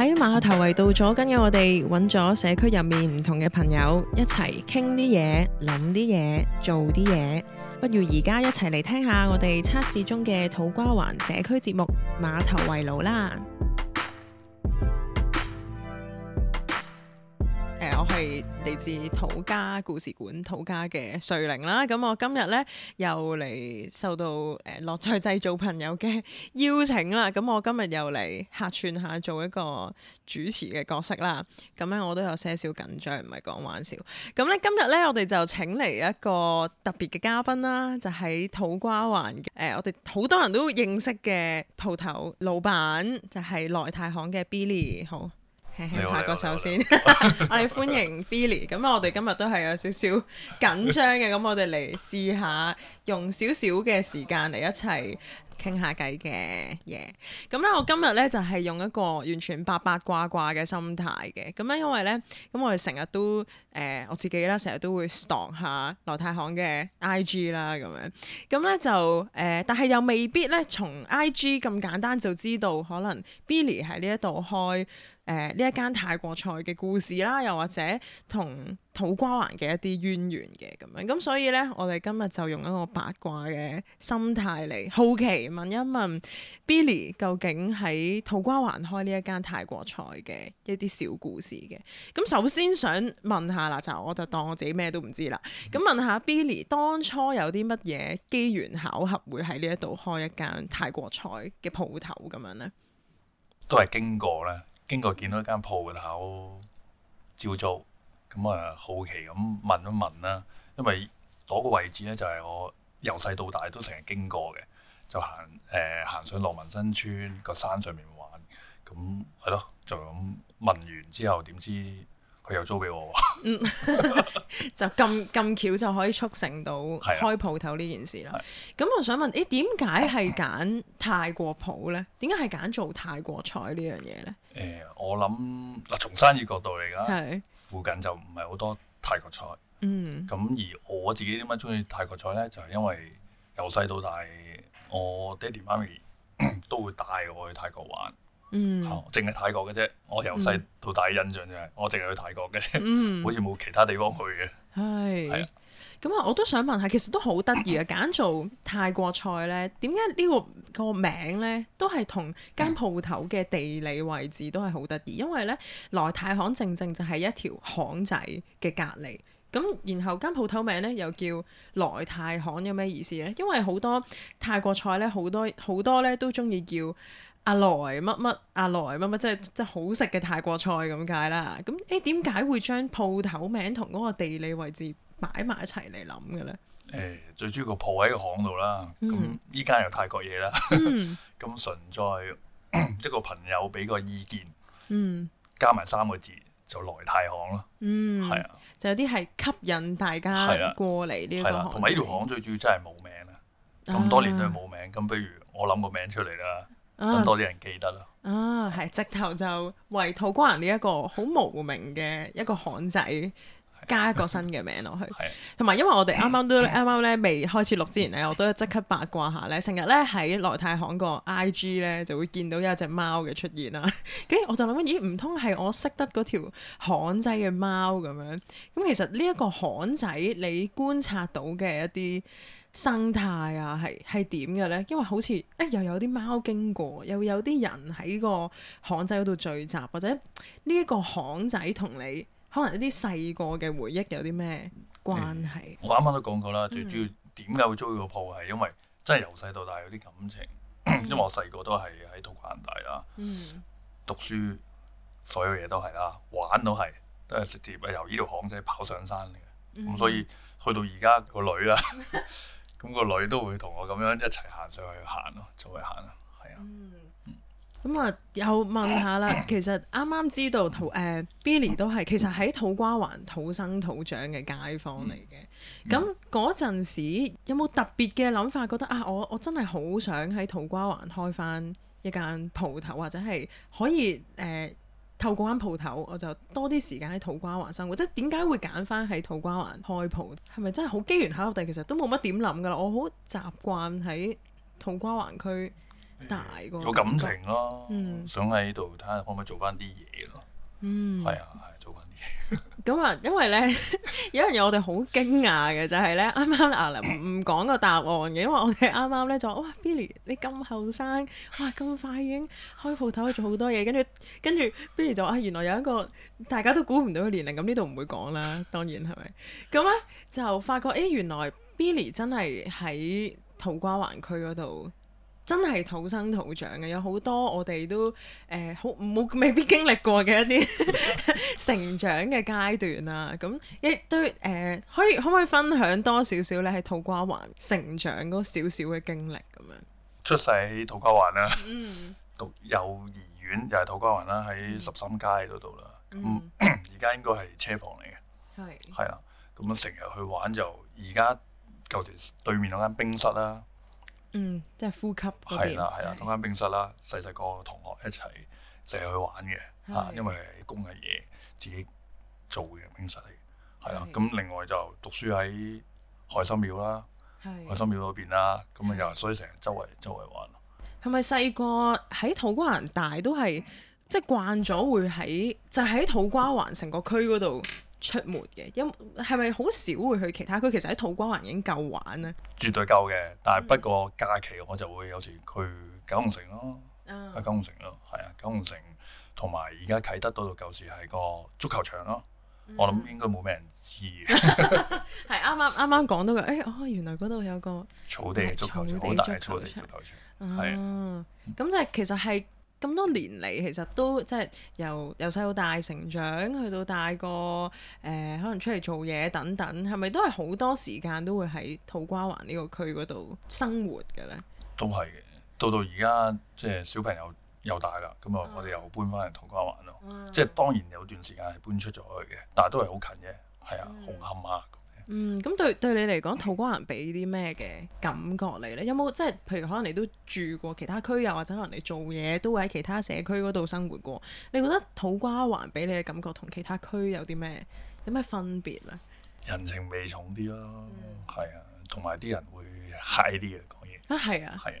喺馬頭圍道左近嘅，今日我哋揾咗社區入面唔同嘅朋友一齊傾啲嘢、諗啲嘢、做啲嘢，不如而家一齊嚟聽下我哋測試中嘅土瓜灣社區節目《馬頭圍爐》啦。係嚟自土家故事館土家嘅瑞玲啦，咁我今日咧又嚟受到誒樂、呃、在製造朋友嘅邀請啦，咁我今日又嚟客串下做一個主持嘅角色啦，咁咧我都有些少緊張，唔係講玩笑。咁咧今日咧我哋就請嚟一個特別嘅嘉賓啦，就喺、是、土瓜灣嘅誒我哋好多人都認識嘅鋪頭老闆，就係、是、來泰巷嘅 Billy，好。輕輕拍個手先，我哋好 歡迎 Billy。 咁 我哋今日都係有少少緊張嘅，咁我哋嚟試下用少少嘅時間嚟一齊傾下偈嘅嘢，咁咧、yeah. 嗯、我今日咧就係、是、用一個完全八八卦卦嘅心態嘅，咁咧因為咧，咁、嗯、我哋成日都誒、呃、我自己啦，成日都會 stalk 下來泰巷嘅 IG 啦，咁樣，咁咧就誒，但係又未必咧，從 IG 咁簡單就知道可能 Billy 喺呢一度開誒呢、呃、一間泰國菜嘅故事啦，又或者同。土瓜灣嘅一啲淵源嘅咁樣，咁所以呢，我哋今日就用一個八卦嘅心態嚟好奇問一問 Billy 究竟喺土瓜灣開呢一間泰國菜嘅一啲小故事嘅。咁首先想問下啦，就我就當我自己咩都唔知啦。咁問下 Billy，當初有啲乜嘢機緣巧合會喺呢一度開一間泰國菜嘅鋪頭咁樣呢？都係經過啦，經過見到一間鋪頭招租。照做。咁啊、嗯、好奇咁問一問啦，因為嗰個位置咧就係我由細到大都成日經過嘅，就行誒行上樂民新村個山上面玩，咁係咯，就咁問完之後點知，佢又租俾我喎，嗯， 就咁咁巧就可以促成到開鋪頭呢件事啦。咁的我想問，誒點解係揀泰國鋪呢？點解係揀做泰國菜呢樣嘢呢？呃、我諗嗱，從生意角度嚟講，的附近就唔係好多泰國菜。嗯，咁而我自己點解中意泰國菜呢？就係、係、因為由細到大，我爹哋媽咪都會帶我去泰國玩。嗯，淨係泰國嘅啫。我由細到大印象就係、嗯、我淨係去泰國嘅啫，嗯、 好似冇其他地方去嘅。係是，咁啊，我都想問下，其實都好得意啊。揀做泰國菜呢，點解呢個個名呢都係同間鋪頭嘅地理位置都係好得意？因為呢，來泰巷正正就係一條巷仔嘅隔離。咁，然後間鋪頭名呢，又叫來泰巷，有咩意思呢？因為好多泰國菜呢，好多好多呢都中意叫，阿來乜乜，阿來乜乜，即係即係好食嘅泰國菜咁解啦。咁誒，點解會將鋪頭名同嗰個地理位置擺埋一齊嚟諗嘅咧？誒、欸，最主要個鋪喺個巷度啦。咁依間又泰國嘢啦。咁純、嗯、 在一個朋友俾個意見，加埋三個字就是、來泰巷咯。嗯，係是啊，就有啲係吸引大家過嚟呢條巷。同埋呢條巷最主要真係冇名啊。咁多年都係冇名。咁、啊、不如我諗個名出嚟啦。更多啲人記得啦、啊。啊，係，直頭就為土瓜灣呢一個好無名嘅一個巷仔 加一個新嘅名落去。係 的。同埋，因為我哋啱啱都啱啱咧未開始錄之前咧，我都即刻八卦下咧，成日咧喺來泰巷個 IG 咧就會見到有一隻貓嘅出現啦。跟 住我就諗緊，咦？唔通係我識得嗰條巷仔嘅貓咁樣？咁其實呢一個巷仔，你觀察到嘅一啲。生態啊，係係點嘅咧？因為好似誒、欸、又有啲貓經過，又有啲人喺個巷仔嗰度聚集，或者呢一個巷仔同你可能一啲細個嘅回憶有啲咩關係？嗯、我啱啱都講過啦，最主要點解會租呢個鋪係因為真係由細到大有啲感情， 因為我細個都係喺土瓜灣大啦，嗯、讀書所有嘢都係啦，玩都係都係直接由呢條巷仔跑上山嘅，咁、嗯、所以去到而家個女啦。 咁個女都會同我咁樣一齊行上去行咯，就去行咯，係 啊。咁啊又問下啦，其實啱啱知道土誒、呃、Billy 都係 其實喺土瓜灣土生土長嘅街坊嚟嘅。咁嗰陣時有冇特別嘅諗法？覺得啊，我我真係好想喺土瓜灣開翻一間鋪頭，或者係可以誒。呃透過間鋪頭，我就多啲時間喺土瓜灣生活。即係點解會揀翻喺土瓜灣開鋪？係咪真係好機緣巧合？但其實都冇乜點諗噶啦。我好習慣喺土瓜灣區大個、嗯。有感情咯，嗯、想喺度睇下可唔可以做翻啲嘢咯。嗯，係啊，係、啊、做咁啊， 因為咧有一樣嘢我哋好驚訝嘅就係、是、咧，啱啱啊，林唔講個答案嘅，因為我哋啱啱咧就哇 Billy 你咁後生，哇咁快已經開鋪頭做好多嘢，跟住跟住 Billy 就話啊，原來有一個大家都估唔到嘅年齡，咁呢度唔會講啦，當然係咪？咁咧就發覺誒、欸，原來 Billy 真係喺土瓜灣區嗰度。真係土生土長嘅，有好多我哋都誒、呃，好冇未必經歷過嘅一啲 成長嘅階段啦、啊。咁亦都誒，可以可唔可以分享多少少咧喺土瓜灣成長嗰少少嘅經歷咁樣？出世喺土瓜灣啦、啊，嗯，讀幼兒園又係土瓜灣啦、啊，喺十三街嗰度啦。咁而家應該係車房嚟嘅，係係啦。咁啊，成日去玩就而家舊時對面嗰間冰室啦、啊。嗯，即係呼吸嗰邊係啦，係啦，咁間冰室啦，細細個同學一齊成日去玩嘅嚇，的因為工藝嘢自己做嘅冰室嚟，係啦。咁的另外就讀書喺海心廟啦，的海心廟嗰邊啦，咁啊又所以成日周圍周圍玩咯。係咪細個喺土瓜灣大都係即係慣咗會喺就喺、是、土瓜灣成個區嗰度？出門嘅有係咪好少會去其他區？佢其實喺土瓜灣已經夠玩呢？絕對夠嘅。但係不過假期我就會有時去九龍城咯，喺、嗯、九龍城咯，係啊，九龍城同埋而家啟德嗰度舊時係個足球場咯。我諗應該冇咩人知嘅、嗯，係啱啱啱啱講到嘅。誒、哎，我、哦、原來嗰度有個草地，草地足球場，好大嘅草地足球場。係啊，咁的、嗯、就其實係。咁多年嚟，其實都即係由由細到大成長，去到大個誒、呃，可能出嚟做嘢等等，係咪都係好多時間都會喺土瓜灣呢個區嗰度生活嘅咧？都係嘅，到到而家即係小朋友又大啦，咁啊、嗯，我哋又搬翻嚟土瓜灣咯。嗯、即係當然有段時間係搬出咗去嘅，但係都係好近嘅，係啊，嗯、紅磡啊。嗯，咁對對你嚟講，土瓜灣俾啲咩嘅感覺你呢？有冇即係譬如可能你都住過其他區，又或者可能你做嘢都會喺其他社區嗰度生活過？你覺得土瓜灣俾你嘅感覺同其他區有啲咩有咩分別咧？人情味重啲咯，係啊，同埋啲人會嗨啲嘅講嘢啊，係啊，係啊，啊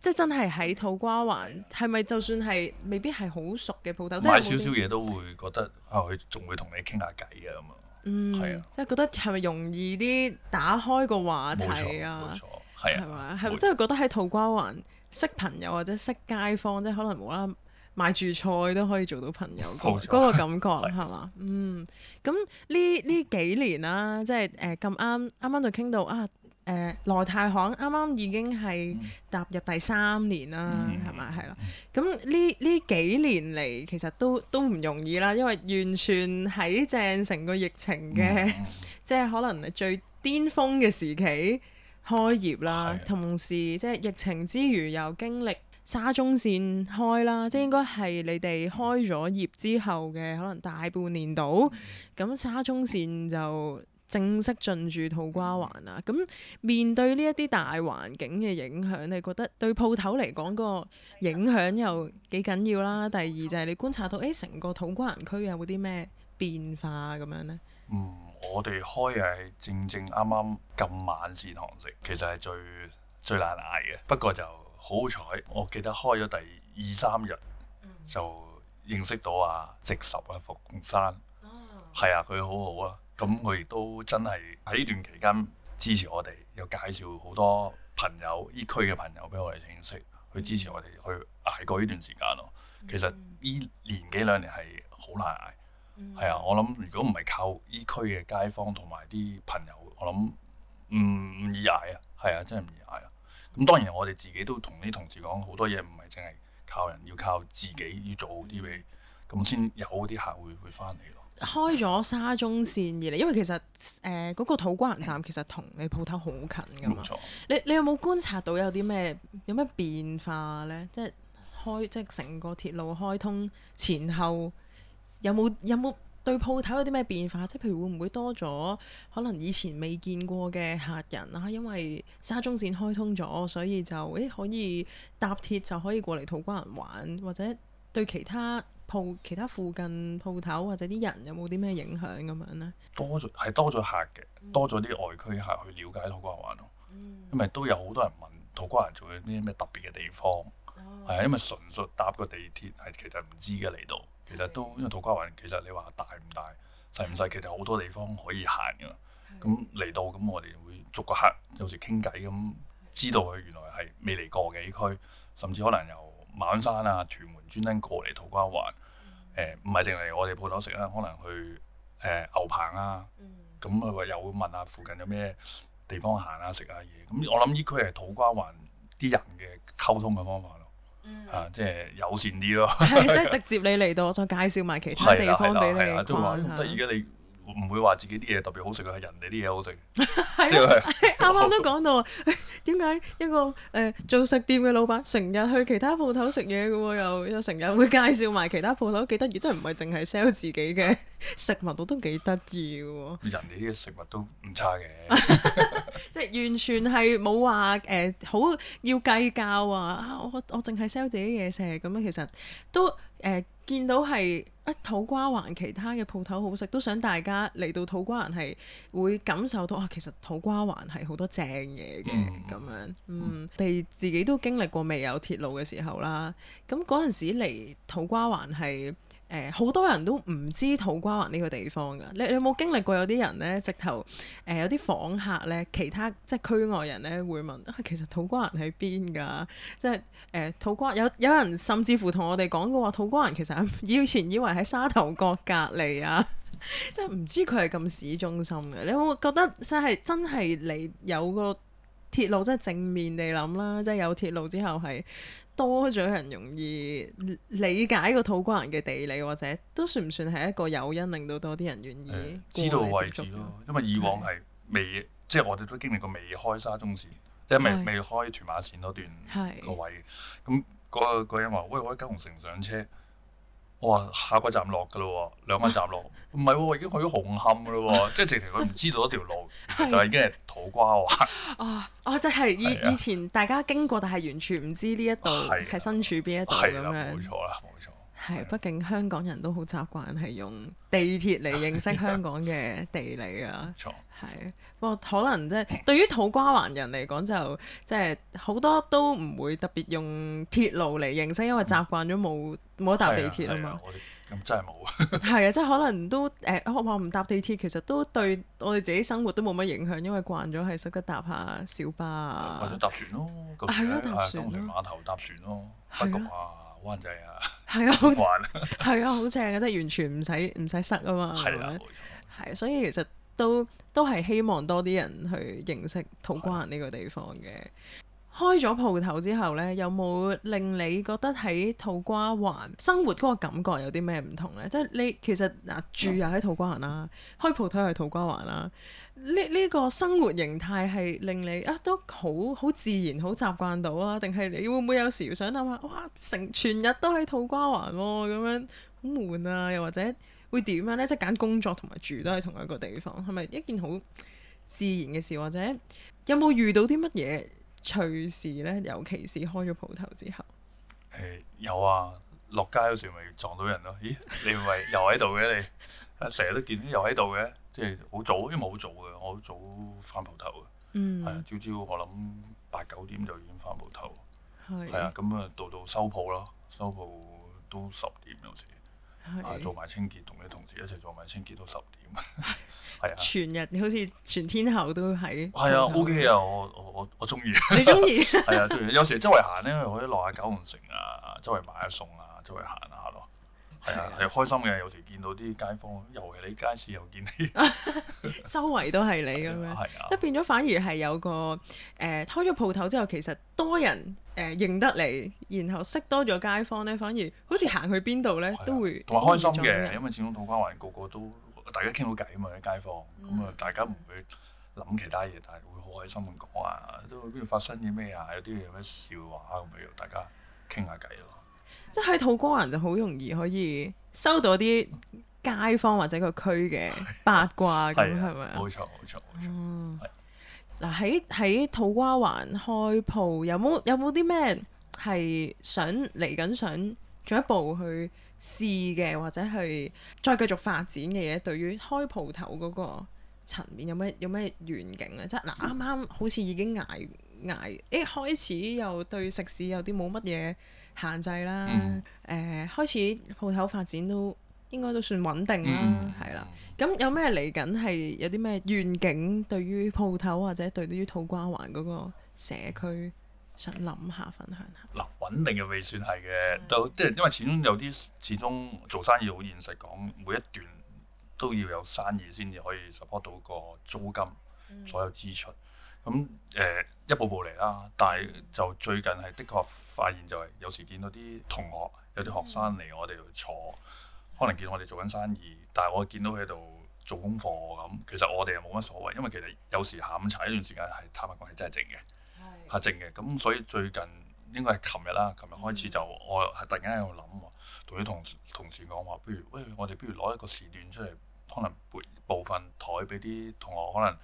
即係真係喺土瓜灣，係咪就算係未必係好熟嘅鋪頭，買少少嘢都會覺得對啊，佢仲會同你傾下偈嘅咁啊。嗯，啊、即係覺得係咪容易啲打開個話題啊？冇錯，係啊，係嘛？係即係覺得喺土瓜灣識朋友或者識街坊，即係可能冇啦買住菜都可以做到朋友嗰錯個感覺，係嘛？嗯，咁呢呢幾年啦、啊，即係誒咁啱啱啱就傾到啊。誒來、呃、泰巷啱啱已經係踏入第三年啦，係咪、嗯？係啦。咁呢呢幾年嚟其實都都唔容易啦，因為完全喺正成個疫情嘅，嗯、即係可能係最巔峰嘅時期開業啦。的同時即係、就是、疫情之餘又經歷沙中線開啦，即係應該係你哋開咗業之後嘅可能大半年度，咁沙中線就正式進駐土瓜灣啊！咁面對呢一啲大環境嘅影響，你覺得對鋪頭嚟講個影響又幾緊要啦？第二就係你觀察到，誒成個土瓜灣區有冇啲咩變化咁樣呢？嗯，我哋開嘅係正正啱啱咁晚市堂食，其實係最最難捱嘅。不過就好彩，我記得開咗第二三日就認識到啊，直十啊，馮生係啊，佢好好啊！咁佢亦都真係喺呢段期間支持我哋，又介紹好多朋友，依區嘅朋友俾我哋認識，去支持我哋去捱過呢段時間咯。其實呢年幾兩年係好難捱，係啊、嗯，我諗如果唔係靠依區嘅街坊同埋啲朋友，我諗唔易捱啊，係啊，真係唔易捱啊。咁當然我哋自己都同啲同事講，好多嘢唔係淨係靠人，要靠自己要做啲嘢，咁先有啲客會會翻嚟。開咗沙中線以嚟，因為其實誒嗰、呃嗰個土瓜灣站其實同你鋪頭好近㗎嘛。冇錯。你你有冇觀察到有啲咩有咩變化呢？即係開即係成個鐵路開通前後有冇，有冇有冇對鋪頭有啲咩變化？即係譬如會唔會多咗可能以前未見過嘅客人啦，啊？因為沙中線開通咗，所以就誒可以搭鐵就可以過嚟土瓜灣玩，或者對其他。鋪其他附近鋪頭或者啲人有冇啲咩影響咁樣呢？多咗係多咗客嘅，嗯、多咗啲外區客去了解土瓜灣咯。嗯、因為都有好多人問土瓜灣做緊啲咩特別嘅地方，係啊、哦，因為純粹搭個地鐵係其實唔知嘅嚟到，的其實都因為土瓜灣其實你話大唔大細唔細，其實好多地方可以行㗎。咁嚟的到咁我哋會逐個客有時傾偈咁，知道佢原來係未嚟過嘅區，甚至可能有。馬鞍山啊，屯門專登過嚟土瓜灣，誒唔係淨係我哋鋪頭食啦，可能去誒、呃、牛棚啊，咁佢又問下附近有咩地方行啊，食下嘢。咁、嗯嗯、我諗呢區係土瓜灣啲人嘅溝通嘅方法咯，嚇、嗯啊、即係友善啲咯的。係 即係直接你嚟到，我再介紹埋其他地方俾你玩下。唔會話自己啲嘢特別好食嘅，係人哋啲嘢好食。係啊，啱啱都講到啊，點解一個誒做食店嘅老闆成日去其他鋪頭食嘢嘅喎？又又成日會介紹埋其他鋪頭，幾得意，真係唔係淨係 sell 自己嘅食物，都都幾得意嘅喎。人哋啲嘅食物都唔差嘅，即係完全係冇話誒好要計較啊！我我我淨係 sell 自己嘢食咁樣，其實都誒。見到係一、啊、土瓜灣，其他嘅鋪頭好食，都想大家嚟到土瓜灣係會感受到啊。其實土瓜灣係好多正嘢嘅咁樣，嗯，我哋、嗯、自己都經歷過未有鐵路嘅時候啦。咁嗰陣時嚟土瓜灣係。誒好、呃、多人都唔知土瓜灣呢個地方㗎，你你有冇經歷過有啲人呢？直頭誒、呃、有啲訪客呢，其他即係區外人呢，會問啊，其實土瓜灣喺邊㗎？即係誒、呃、土瓜有有人甚至乎同我哋講過話，土瓜灣其實以前以為喺沙頭角隔離啊， 即係唔知佢係咁市中心嘅。你有冇覺得即係真係嚟有個鐵路，即、就、係、是、正面地諗啦，即、就、係、是、有鐵路之後係。多咗人容易理解個土瓜灣嘅地理，或者都算唔算係一個誘因，令到多啲人願意、嗯、知道位置咯？因為以往係未，對即係我哋都經歷過未開沙中線，即係未對未開屯馬線嗰段個位。咁嗰嗰人話，喂，我喺九龍城上車，我話下個站落㗎咯，兩個站落，唔係、 啊，已經去咗紅磡㗎咯， 即係直情佢唔知道一條路， 就係咁。冇瓜我啊！即係以的以前大家經過，但係完全唔知呢一度係身處邊一度咁的樣。冇錯啦，冇錯。係，的的畢竟香港人都好習慣係用地鐵嚟認識香港嘅地理啊。 係，不過可能即係對於土瓜灣人嚟講就即係好多都唔會特別用鐵路嚟認識，因為習慣咗冇冇搭地鐵啊嘛。咁真係冇。係啊，即係可能都誒，我唔搭地鐵其實都對我哋自己生活都冇乜影響，因為慣咗係識得搭下小巴啊。或者搭船咯，係咯，係東船碼頭搭船咯，北角啊，灣仔啊，係啊，好慣啊，係啊，好正啊，即係完全唔使唔使塞啊嘛，係啦，係，所以其實。都都係希望多啲人去認識土瓜灣呢個地方嘅。開咗鋪頭之後呢，有冇令你覺得喺土瓜灣生活嗰個感覺有啲咩唔同呢？即係你其實嗱住又喺土瓜灣啦、啊，開鋪頭又喺土瓜灣啦、啊。呢呢、呢個生活形態係令你啊都好好自然好習慣到啊？定係你會唔會有時想諗下，哇成全日都喺土瓜灣咁、啊、樣好悶啊？又或者？會點樣咧？即係揀工作同埋住都係同一個地方，係咪一件好自然嘅事？或者有冇遇到啲乜嘢趣事咧？尤其是開咗鋪頭之後，誒、欸、有啊！落街嗰時咪撞到人咯。咦，你唔係又喺度嘅你？成日、 啊、都見到又喺度嘅，即係好早，因為好早嘅，我好早翻鋪頭嘅，係、嗯啊、朝朝我諗八九點就已經翻鋪頭，係啊，咁啊到到收鋪咯，收鋪都十點有時。啊、做埋清潔，同你同事一齊做埋清潔到十點，係 日 啊，全日好似全天候都喺。係啊，O K 啊，okay，我我我我中意， 你中意？係啊，中意，有時周圍行咧，可以落下九龍城啊，周圍買下餸啊，周圍行下咯。 係啊，係開心嘅。有時見到啲街坊，尤其你街市又見你， 周圍都係你咁樣，都、啊啊、變咗反而係有個誒、呃、開咗鋪頭之後，其實多人誒、呃、認得你，然後識多咗街坊咧，反而好似行去邊度咧都會同埋開心嘅，因為始終土瓜灣個個都大家傾到偈啊嘛，啲街坊，咁啊、嗯、大家唔會諗其他嘢，但係會好開心咁講啊，都邊度發生啲咩啊？有啲嘢，有咩笑話咁樣，大家傾下偈咯。即喺土瓜灣就好容易可以收到啲街坊或者個區嘅八卦咁係咪？冇錯冇錯冇錯。嗱，喺喺土瓜灣開鋪有冇有冇啲咩係想嚟緊想進一步去試嘅或者係再繼續發展嘅嘢？對於開鋪頭嗰個層面有咩有咩願景、嗯、啊？即係嗱，啱啱好似已經挨挨一開始又對食肆有啲冇乜嘢。限制啦，誒、嗯呃、開始鋪頭發展都應該都算穩定啦，係、嗯、啦。咁有咩嚟緊係有啲咩願景，對於鋪頭或者對於土瓜灣嗰個社區想諗下分享下？嗱、嗯，穩定又未算係嘅，就即係因為始終有啲始終做生意好現實講，每一段都要有生意先至可以 support 到個租金所有支出。嗯咁誒、呃、一步步嚟啦，但係就最近係的確發現就係有時見到啲同學有啲學生嚟我哋度坐，嗯、可能見到我哋做緊生意，但係我見到佢喺度做功課咁，其實我哋又冇乜所謂，因為其實有時下午茶一段時間係坦白講係真係靜嘅，係是靜嘅。咁所以最近應該係琴日啦，琴日開始就我突然間喺度諗喎，同啲同同事講話，不如喂，我哋不如攞一個時段出嚟，可能撥部分台俾啲同學可能。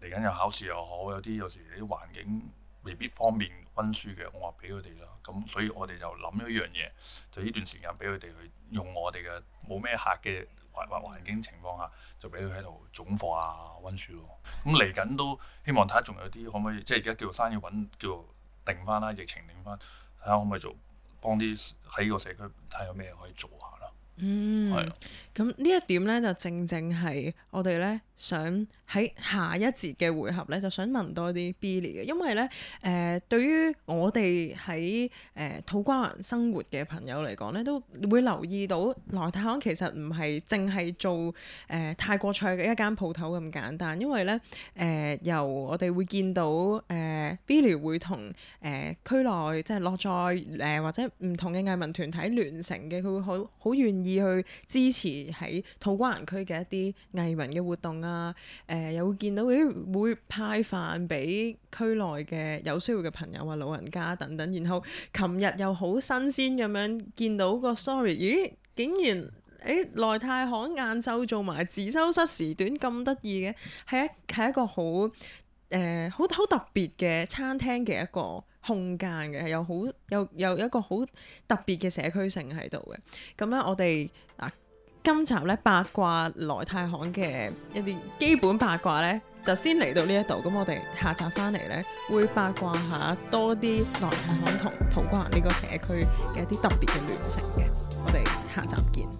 嚟緊又考試又好，有啲有時啲環境未必方便温書嘅，我話俾佢哋啦。咁所以我哋就諗一樣嘢，就呢段時間俾佢哋去用我哋嘅冇咩客嘅環環境情況下，就俾佢喺度總課啊温書咯。咁嚟緊都希望睇下仲有啲可唔可以，即係而家叫做生意揾叫做定翻啦，疫情定翻，睇下可唔可以做幫啲喺個社區睇下有咩可以做下。嗯，係。咁呢一點咧，就正正係我哋咧想喺下一節嘅回合咧，就想問多啲 Billy 嘅，因為咧，誒、呃、對於我哋喺誒土瓜灣生活嘅朋友嚟講咧，都會留意到來泰巷其實唔係淨係做誒、呃、泰國菜嘅一間鋪頭咁簡單，因為咧，誒、呃、由我哋會見到誒 Billy 會同誒、呃、區內即係落在誒、呃、或者唔同嘅藝文團體聯成嘅，佢會好好願意。去支持喺土瓜灣區嘅一啲藝文嘅活動啊，誒、呃、又會見到咦、欸、會派飯俾區內嘅有需要嘅朋友啊、老人家等等，然後琴日又好新鮮咁樣見到個 story，咦竟然誒來泰巷晏晝做埋自修室時段咁得意嘅，係一係一個好誒好好特別嘅餐廳嘅一個。空間嘅有好有有一個好特別嘅社區性喺度嘅，咁咧我哋嗱今集咧八卦來泰巷嘅一啲基本八卦呢，就先嚟到呢一度，咁我哋下集翻嚟呢，會八卦下多啲來泰巷同土瓜灣呢個社區嘅一啲特別嘅聯繫嘅，我哋下集見。